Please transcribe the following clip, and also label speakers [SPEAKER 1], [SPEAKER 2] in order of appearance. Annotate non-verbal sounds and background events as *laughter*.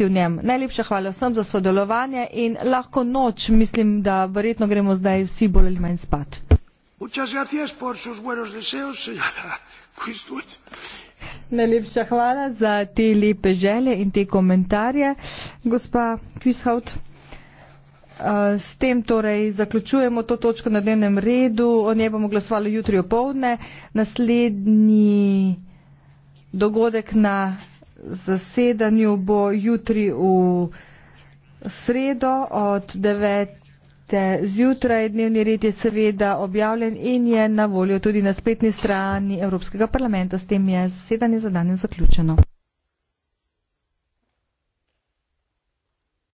[SPEAKER 1] v njem. Najlepša hvala vsem za sodelovanje in lahko noč, mislim, da verjetno gremo zdaj vsi bolj ali manj spat.
[SPEAKER 2] *laughs*
[SPEAKER 1] Najlepša hvala za te lepe želje in te komentarje, gospa Kvisthaut. Uh, s tem torej zaključujemo to točko na dnevnem redu. O njej bomo glasovali jutri opovdne. Naslednji dogodek na zasedanju bo jutri v sredo od 9. zjutraj. Dnevni red je seveda objavljen in je na voljo tudi na spletni strani Evropskega parlamenta. S tem je zasedanje za danes zaključeno.